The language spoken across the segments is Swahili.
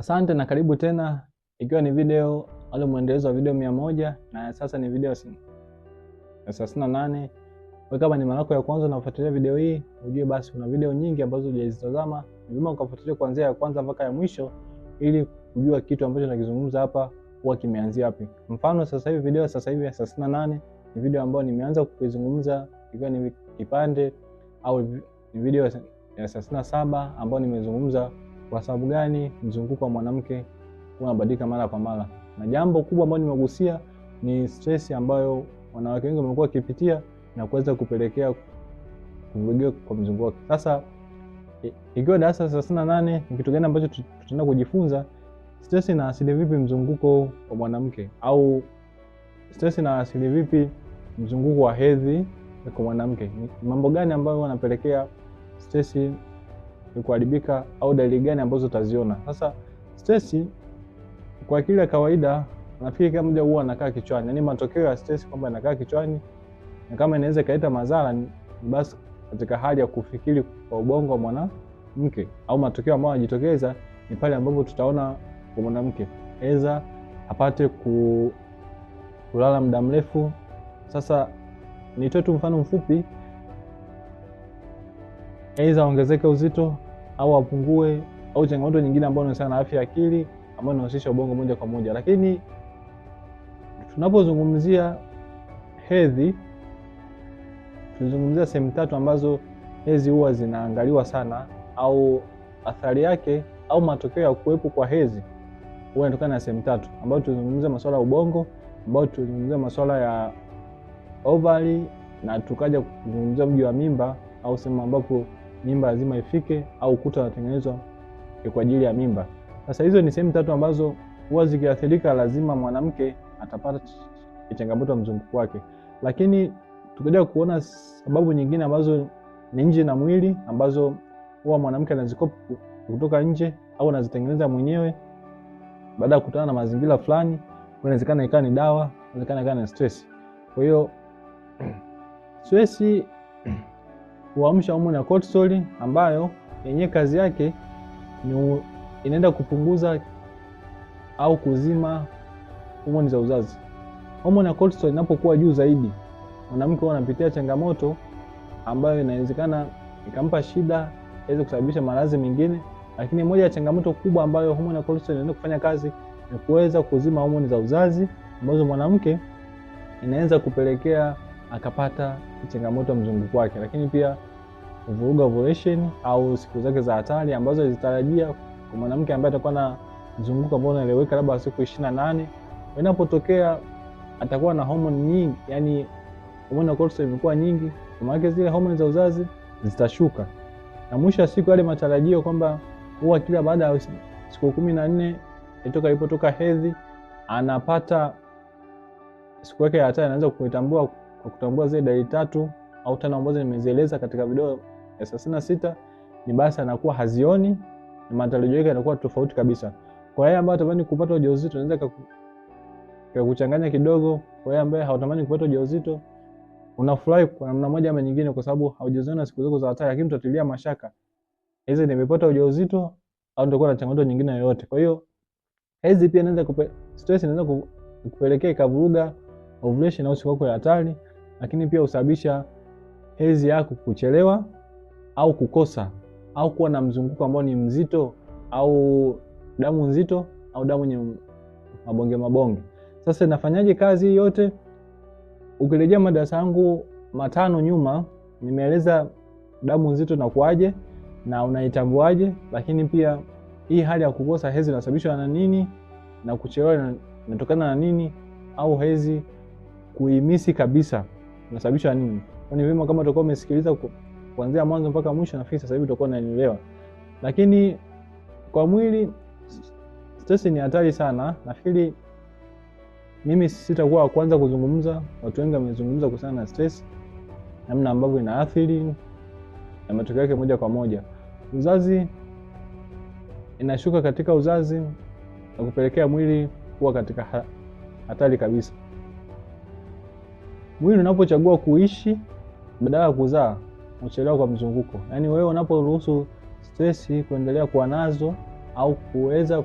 Asante na karibu tena, ikiwa ni video au mwendelezo wa video mia moja na sasa ni video thelathini na nane. Kwa Kama ni mara yako ya kwanza unafuatilia video hii, ujue basi kuna video nyingi ambazo hujazitazama, ni vyema ukafuatilia kuanzia ya kwanza mpaka ya mwisho ili kujua kitu ambacho nakizungumza hapa huwa kimeanzia wapi. Mfano sasa hivi video sasa hivi ya thelathini na nane ni video ambayo nimeanza kuizungumza ikiwa ni kipande, au ni video ya thelathini na saba ambayo nimezungumza kwa sababu gani mzunguko wa mwanamke unabadilika mara kwa mara? Na jambo kubwa ambalo nimegusia ni stress ambayo wanawake wengi wamekuwa wakipitia na kuweza kupelekea kuvurugika kwa mzunguko wake. Sasa ikiwa darasa thelathini na nane ni kitu gani ambacho tutaenda kujifunza? Stress ina asili vipi mzunguko wa mwanamke, au stress ina asili vipi mzunguko wa hedhi kwa mwanamke? Mambo gani ambayo wanapelekea stress ni kuharibika au dalili gani ambazo utaziona. Sasa stress kwa akili kawaida nafikiri kama mja huwa anakaa kichwani, yani matokeo ya stress kwamba inakaa kichwani, na kama inaweza kaleta madhara ni basi katika hali ya kufikiri kwa ubongo wa mwanamke, au matokeo ambayo yanajitokeza ni pale ambapo tutaona kwa mwanamke eza apate ku, kulala muda mrefu. Sasa nitoe tu mfano mfupi, eza ongezeke uzito au apungue au changamoto nyingine ambayo inahusiana na afya ya akili ambayo inahusisha ubongo moja kwa moja. Lakini tunapozungumzia hedhi, tunazungumzia sehemu tatu ambazo hedhi huwa zinaangaliwa sana, au athari yake au matokeo ya kuwepo kwa hedhi huwa inatokana na sehemu tatu, ambayo tunazungumzia masuala ya ubongo, ambayo tunazungumzia masuala ya ovari na tukaja kuzungumzia mji wa mimba au sehemu ambapo mimba lazima ifike, au ukuta unatengenezwa kwa ajili ya mimba. Sasa hizo ni sehemu tatu ambazo huwa zikiathirika, lazima mwanamke atapata changamoto ya mzunguko wake. Lakini tukaja kuona sababu nyingine ambazo ni nje na mwili, ambazo huwa mwanamke anazikopa kutoka nje au anazitengeneza mwenyewe baada ya kukutana na mazingira fulani. Inawezekana ikawa ni dawa, inawezekana ikawa ni stress. Kwa hiyo stress huamsha homoni ya cortisol ambayo yenyewe kazi yake ni inaenda kupunguza au kuzima homoni za uzazi. Homoni ya cortisol inapokuwa juu zaidi, mwanamke huwa anapitia changamoto ambayo inawezekana ikampa shida, iweze kusababisha maradhi mengine. Lakini moja ya changamoto kubwa ambayo homoni ya cortisol inaenda kufanya kazi ni kuweza kuzima homoni za uzazi ambazo mwanamke inaweza kupelekea akapata changamoto ya mzunguko wake, lakini pia kuvuruga ovulation au siku zake za hatari ambazo alizitarajia kwa mwanamke ambaye atakuwa na mzunguko ambao unaeleweka labda siku 28 inapotokea atakuwa na homoni nyingi, yani homoni ya cortisol imekuwa nyingi, kwa maana zile homoni za uzazi zitashuka, na mwisho wa siku yale matarajio kwamba huwa kila baada ya siku kumi na nne itoka ilipotoka hedhi anapata siku yake ya hatari, anaanza kuitambua kwa kutambua zile dalili tatu au tano ambazo nimezieleza katika video ya 36 ni basi anakuwa hazioni na matarajio yake yanakuwa tofauti kabisa. Kwa yeye ambaye anatamani kupata ujauzito unaweza kuchanganya kidogo. Kwa yeye ambaye hautamani kupata ujauzito unafurahi kwa namna moja ama nyingine, kwa sababu haujaziona siku zako za hatari, lakini utatilia mashaka hizi, nimepata ujauzito au nitakuwa na changamoto nyingine yoyote. Kwa hiyo hizi pia inaweza kupe, stress inaweza kupelekea ikavuruga ovulation au siku yako ya hatari lakini pia husababisha hedhi yako kuchelewa au kukosa au kuwa na mzunguko ambao ni mzito au damu nzito au damu yenye mabonge mabonge. Sasa nafanyaje kazi hii yote? Ukirejea madarasa yangu matano nyuma, nimeeleza damu nzito inakuaje na unaitambuaje, lakini pia hii hali ya kukosa hedhi inasababishwa na nini na kuchelewa inatokana na nini, au hedhi kuimisi kabisa. Unasababisha nini? Kwani vyema kama utakuwa umesikiliza kuanzia mwanzo mpaka mwisho, nafikiri sasa hivi utakuwa unaelewa. Lakini kwa mwili stress ni hatari sana. Nafikiri mimi sitakuwa kwanza kuzungumza, watu wengi wamezungumza kuhusiana na stress, namna ambavyo inaathiri na matokeo yake moja kwa moja. Uzazi inashuka katika uzazi na kupelekea mwili kuwa katika hatari kabisa mwili unapochagua kuishi badala ya kuzaa uchelewa kwa mzunguko. Yaani wewe unaporuhusu stress kuendelea kuwa nazo au kuweza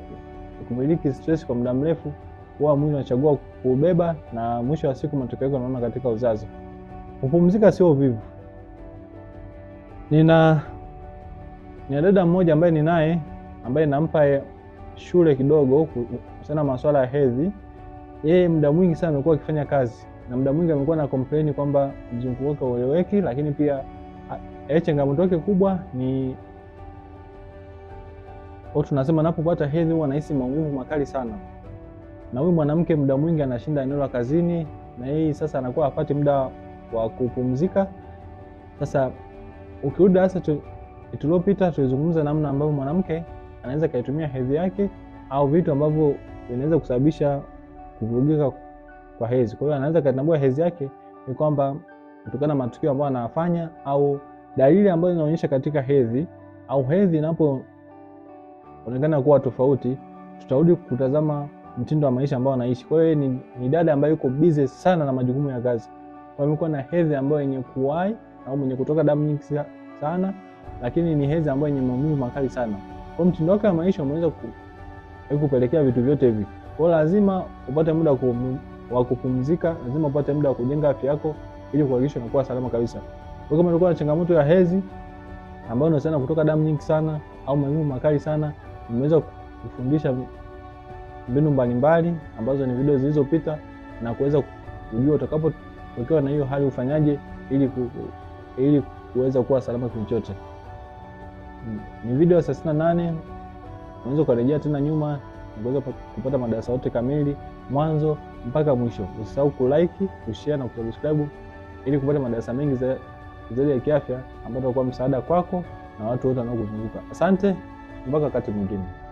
kumiliki stress kwa muda mrefu, huwa mwili unachagua kubeba, na mwisho wa siku matokeo yake unaona katika uzazi. Kupumzika sio vivu. Nina nina dada mmoja ambaye ninaye ambaye nampa shule kidogo sana masuala ya hedhi. Yeye muda mwingi sana amekuwa akifanya kazi na muda mwingi amekuwa na complain kwamba mzunguko wake haueleweki, lakini pia eh, changamoto yake kubwa ni au tunasema anapopata hedhi huwa anahisi maumivu makali sana, na huyu mwanamke muda mwingi anashinda eneo la kazini, na yeye sasa anakuwa hapati muda wa kupumzika. Sasa ukirudi darasa tuliopita, tulizungumza namna ambavyo mwanamke anaweza kaitumia hedhi yake au vitu ambavyo vinaweza kusababisha kuvurugika kwa hedhi. Kwa hiyo anaweza katambua hedhi yake ni kwamba kutokana na matukio ambayo anafanya au dalili ambayo inaonyesha katika hedhi au hedhi inapoonekana kuwa tofauti, tutarudi kutazama mtindo wa maisha ambao anaishi. Kwa hiyo ni, ni dada ambayo yuko busy sana na majukumu ya kazi. Kwa hiyo amekuwa na hedhi ambayo yenye kuwai au mwenye kutoka damu nyingi sana, lakini ni hedhi ambayo yenye maumivu makali sana. Kwa mtindo wake wa maisha umeweza kupelekea vitu vyote hivi. Kwa lazima upate muda wa wa kupumzika, lazima upate muda wa kujenga afya yako ili kuhakikisha unakuwa salama kabisa. Kwa kama ulikuwa na changamoto ya hedhi ambayo unasema kutoka damu nyingi sana au maumivu makali sana, nimeweza kufundisha mbinu mbalimbali ambazo ni video zilizopita na kuweza kujua utakapotokewa na hiyo hali ufanyaje ili ku, ili kuweza kuwa salama kipindi chote. Ni video ya 38, unaweza kurejea tena nyuma kuweza kupata madarasa yote kamili mwanzo mpaka mwisho. Usisahau kulike, kushare na kusubscribe ili kupata madarasa mengi zaidi ya kiafya ambayo itakuwa msaada kwako na watu wote wanaokuzunguka. Asante, mpaka wakati mwingine.